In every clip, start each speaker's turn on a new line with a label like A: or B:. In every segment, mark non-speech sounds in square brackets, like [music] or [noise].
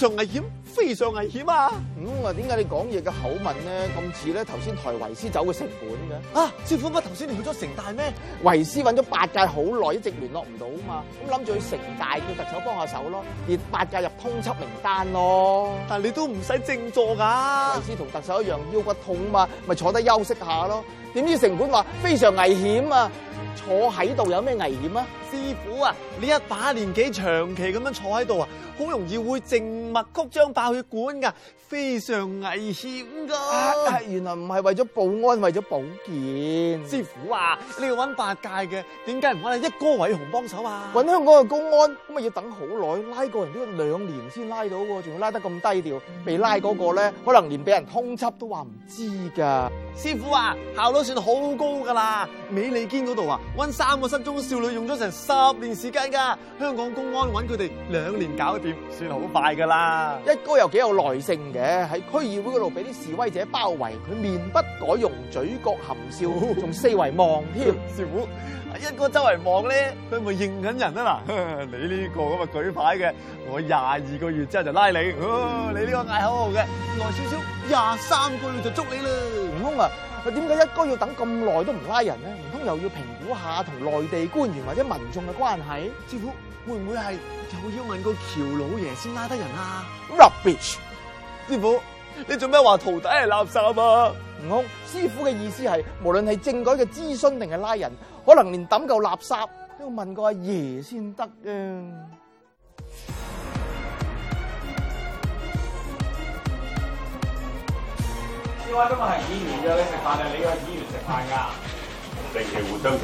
A: 非常危險，非常危險啊！咁、嗯、啊，點解你講嘢嘅口吻咧咁似咧頭先台維斯走嘅城管嘅？啊，師傅乜頭先你去咗城大咩？維斯揾咗八戒好耐，一直聯絡唔到啊嘛。咁諗住去城大叫特首幫下手咯，連八戒入通緝名單咯。但你都唔使靜坐㗎、啊。維斯同特首一樣腰骨痛啊嘛，咪坐低休息下咯。點知城管話非常危險啊！坐喺度有咩危險啊？師傅啊，你一把年
B: 紀，長期咁樣坐喺度啊，好容易會靜脈曲張、爆血管噶，非
A: 常危險噶、啊啊。原來唔係為咗保安，為咗保健。師傅啊，你要揾八戒嘅，點解唔揾你一哥、偉雄幫手啊？揾香港嘅公安咁啊要等好耐，拉個人都要兩年先拉到，仲要拉得咁低調，被拉嗰個咧，可能連俾人通緝都話唔知噶、嗯。
B: 師傅啊，效
A: 率算好高
B: 噶啦，美利堅嗰度啊，揾三個失蹤少女用咗成。十年時間㗎，香港
A: 公安揾佢哋兩年搞掂，算好快㗎啦！一哥又幾有耐性嘅，喺區議會嗰度俾啲示威者包圍，佢面不改容，嘴角含笑，仲四圍望添。師 [laughs] 傅，一哥周圍望咧，佢咪認緊人啊嘛、啊？你
B: 呢個咁咪舉牌嘅，我廿二個月之後就拉你。啊、你呢個嗌口號嘅，
A: 耐少少，廿三個月就捉你啦。悟空啊！佢點解一哥要等咁耐都唔拉人呢？唔通又要評估下同內地官員或者民眾嘅關係？師傅會唔會係又要問個喬老爺先拉得人啊？Rubbish！師傅，你做咩話徒弟係垃圾啊？悟空，師傅嘅意思係，無論係政改嘅諮詢定係拉人，可能連抌嚿垃圾都要問個阿爺先得啊！
B: 我今日係議
C: 員約你食飯啊！你個議員食飯㗎，定期互相食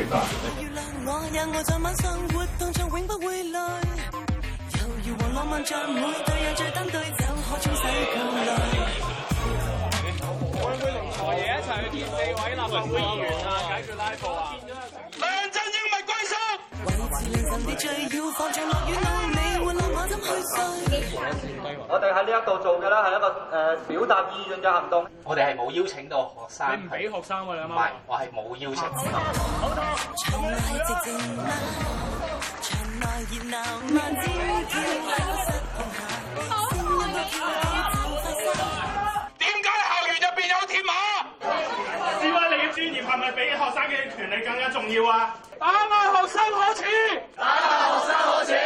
C: 飯。
D: 啊、我哋喺呢一度做嘅啦，係一個誒、呃、
A: 表達意願嘅行動，我哋係冇邀請到學生，唔係學生㗎，你啱，係，我係冇邀請到
C: 學生。好多。點解校園入
D: 邊有鐵馬？點解你嘅專業係咪比學生嘅權利更加重要啊？打罵學生可恥！打罵學生可恥！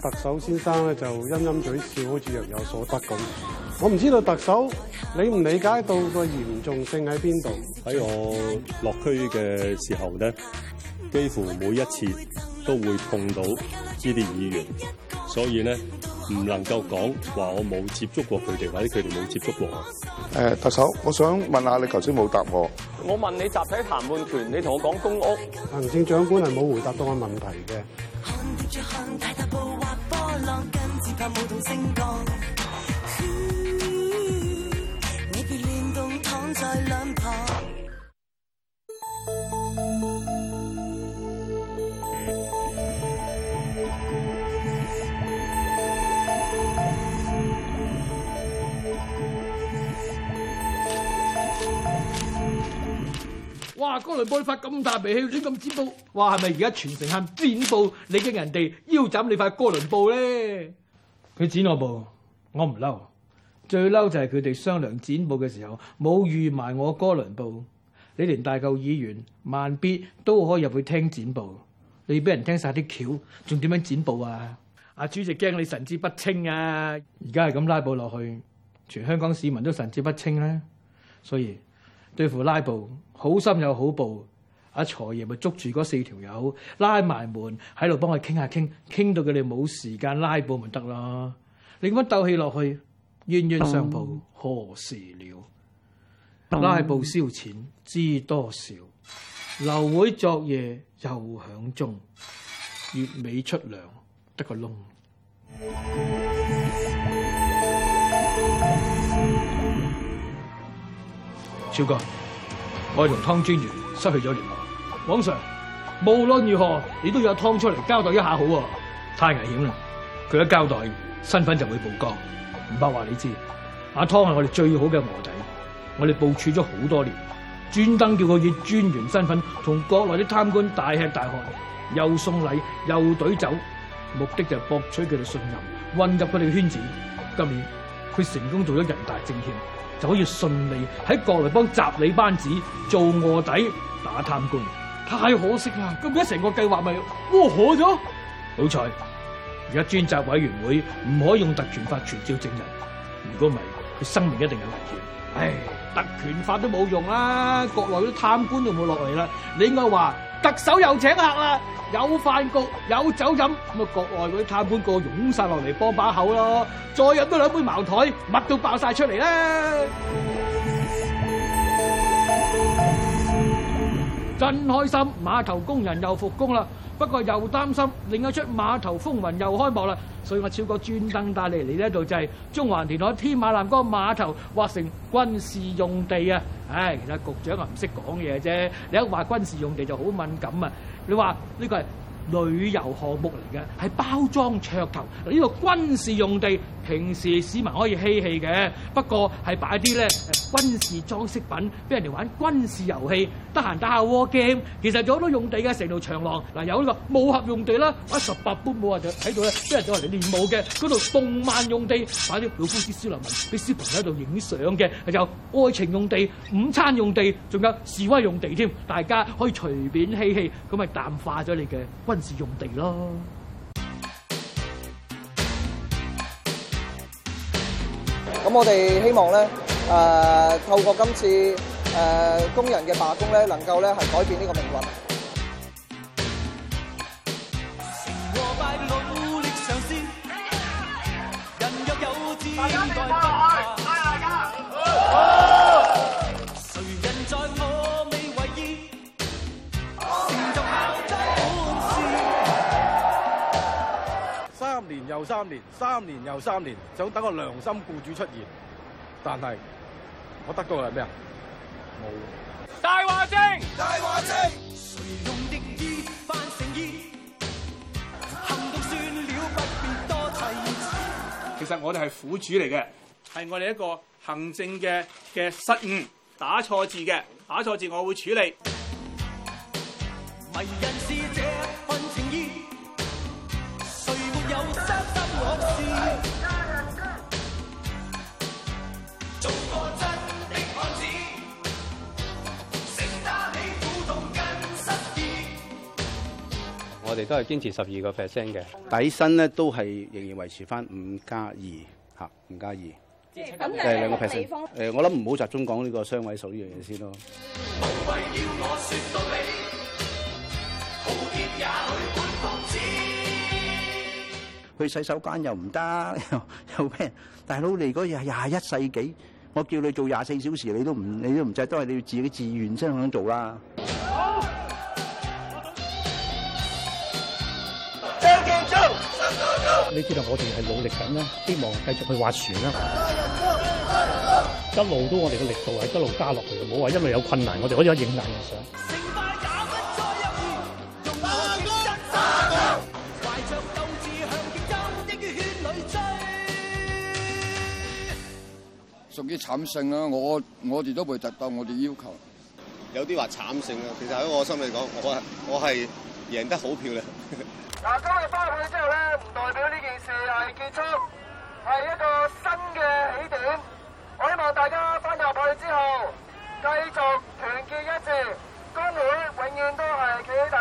C: 特首先生咧，就陰陰嘴笑，好似若有所得咁。我唔知道特首理唔理解到個嚴重性喺邊度。
B: 喺我落區嘅時候咧，幾乎每一次都會碰到呢啲議員，所以咧唔能夠講話。我冇接觸過佢哋，或者佢哋冇接觸過我。
A: 誒，特首，我想問下你，頭先冇答我。我問你集體談判權，你同我講公屋。行政長官係冇
B: 回
E: 答到我問題嘅。
D: 哇！哥倫布發咁大脾氣，你咁剪布，哇！係咪而家全城限剪布？你驚人哋腰斬你塊哥倫布咧？佢剪我布，我唔嬲。最嬲就係佢哋商量剪布嘅時候冇預埋我哥倫布，你連大舊議員慢必都可以入去聽剪布，你俾人聽晒啲橋仲點樣剪布啊？阿主席驚你神志不清啊！而家係咁拉布落去，全香港市民都神志不清啦。所以對付拉布好心有好報。阿財爺咪捉住四條友拉埋門喺度幫佢傾下傾傾到佢哋冇時間拉布咪得咯。你咁樣鬥氣落去，冤冤相報何時了？拉布燒錢知多少？流會昨夜又響鐘，月尾出糧得個窿。超 [music] 哥，我同湯專員失去咗聯絡。皇上，無論如何，你都要阿湯出嚟交代一下好啊！太危險啦，佢一交代，身份就會曝光。唔怕話你知，阿湯係我哋最好嘅臥底，我哋部署咗好多年，專登叫佢以專員身份，同國內啲貪官大吃大喝，又送禮又隊酒，目的就係博取佢哋信任，混入佢哋圈子。今年佢成功做咗人大政協，就可以順利喺國內幫習李班子做臥底打貪官。太可惜啦！咁而家成個計劃咪窩可咗。好彩而家專責委員會唔可以用特權法傳召證人，如果唔係佢生命一定有危險。唉，特權法都冇用啦，國內啲貪官都冇落嚟啦。你應該話特首又請客啦，有飯局，有酒飲，咁啊，國外嗰啲貪官個湧晒落嚟幫把口咯，再飲多兩杯茅台，乜都爆晒出嚟啦！真開心，碼頭工人又復工啦！不過又擔心另一出碼頭風雲又開幕啦，所以我超過專登帶你嚟呢度，就係中環田海天馬南江碼頭劃成軍事用地啊！唉，其實局長啊唔識講嘢啫，你一話軍事用地就好敏感啊！你話呢、呢個係？旅遊項目嚟嘅，係包裝噱頭。呢個軍事用地平時市民可以嬉戲嘅，不過係擺啲咧軍事裝飾品，俾人哋玩軍事遊戲，得閒打下 war game。其實有好多用地嘅，成度長廊嗱有呢個武俠用地啦，十八般武藝就睇到，咧，即係有人走練武嘅，嗰度動漫用地擺啲老夫子、小林文俾小朋友喺度影相嘅，有愛情用地、午餐用地，仲有示威用地添，大家可以隨便嬉戲，咁咪淡化咗你嘅是用地咯。
A: 咁我哋希望咧、呃，透過今次、呃、工人嘅罷工咧，能夠咧係改變呢個命運。
D: 又三年，三年又三年，就等個良心僱主出現，但係我得到嘅係咩啊？冇。大
C: 話精，大話精，誰用定義扮誠意？行動算了，不必多提。
D: 其
A: 實我哋係苦主嚟嘅，係我哋一個行政嘅嘅失誤，打錯字嘅，打錯字我會處理。我哋都係堅持十二個 percent 嘅底薪咧，都係仍然維持翻五加二吓，五加二，即係兩個 percent。誒、嗯嗯，我諗唔好集中講呢個雙位數呢樣嘢先咯。去洗手間又唔得，又咩？大佬，嚟講廿一世紀，我叫你做廿四小時，你都唔你都唔制，都係你要自己自願先肯做啦。
D: 你知道我哋係努力緊啦，希望繼續去划船啦，一路都我哋嘅力度係一路加落去的。冇話因為有困難，我哋可以影埋啲相。
E: 屬於慘勝啦，我我哋都未達到我哋
B: 要求，有啲話慘勝啊。其實喺我心裏講，我我係贏得好漂亮。阿 [laughs] 哥。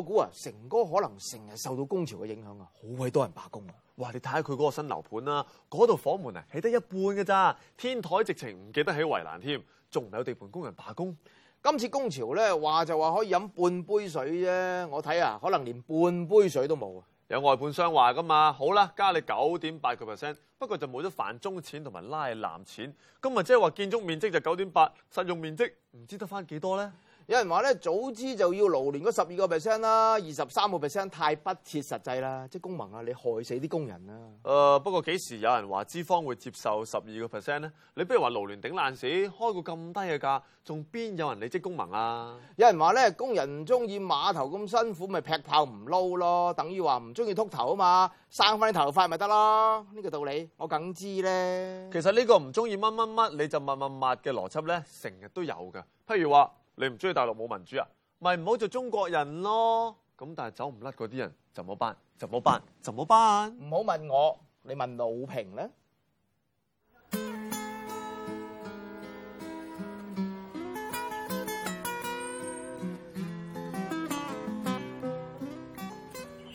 A: 我估啊，成哥可能成日受到工潮嘅影響啊，好鬼多人罷工啊！哇，你睇下佢嗰個
B: 新樓盤啊，嗰度房門啊起得一半嘅咋，天台直情唔記得起圍欄添，仲有地盤工人罷工？
A: 今次工潮咧話就話可以飲半杯水啫，我睇啊，可能連半杯水都冇啊！
B: 有外判商話噶嘛，好啦，加你九點八個 percent，不過就冇咗飯鐘錢同埋拉藍錢。咁啊即係話建築面積就九點
A: 八，實用面積唔知得翻幾多咧？有人話咧，早知就要勞聯嗰十二個 percent 啦，二十三個 percent 太不切實際啦。即工盟啊，你害死啲工人啦。誒、呃，
B: 不過幾時有人話資方會接受十二個 percent 咧？你不如話勞聯頂爛市，開個
A: 咁低嘅價，仲邊有人理職工盟啊？有人話咧，工人唔中意碼頭咁辛苦，咪劈炮唔撈咯，等於話唔中意禿頭啊嘛，生翻啲頭髮咪得咯。呢、呢個道理我梗知咧。其
B: 實呢個唔中意乜乜乜，你就乜乜乜嘅邏輯咧，成日都有嘅。譬如話。你唔中意大陸冇民主啊？咪唔好做中國人咯！咁但係走唔甩嗰啲人就冇辦，就冇辦，就冇辦。唔好問我，你
A: 問魯平啦。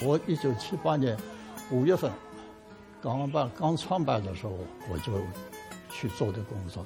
E: 我一九七八年五月份港澳辦剛創辦的時候，我就去做啲工作。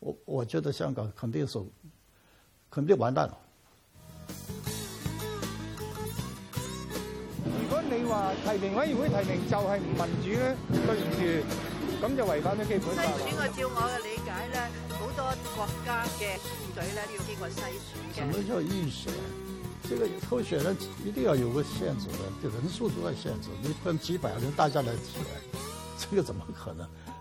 E: 我我覺得香港肯定是，肯定完蛋了。如果
C: 你話提名委員會提名就係唔民主咧，對唔住，咁就違反咗基本法啦。篩選我照我嘅理解咧，好多國家嘅選舉
E: 咧都要經過篩選嘅。什麼叫預選？這個候選人呢一定要有個限制的，就人數都要限制，你分幾百人大家嚟選，這個怎麼可能？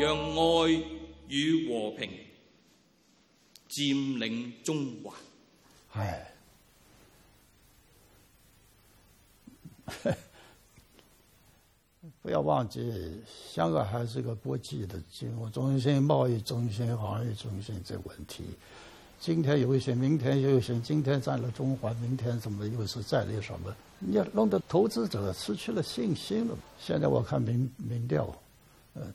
D: 讓愛與和平佔領中環，唉。
E: 係， [laughs] 不要忘記香港還是一個國際的金融中心、貿易中心、行業中心。中心這問題，今天有一些，明天又有些。今天佔了中環，明天怎麼又是佔了什麼？你要弄得投資者失去了信心了。現在我看民民調，嗯、呃。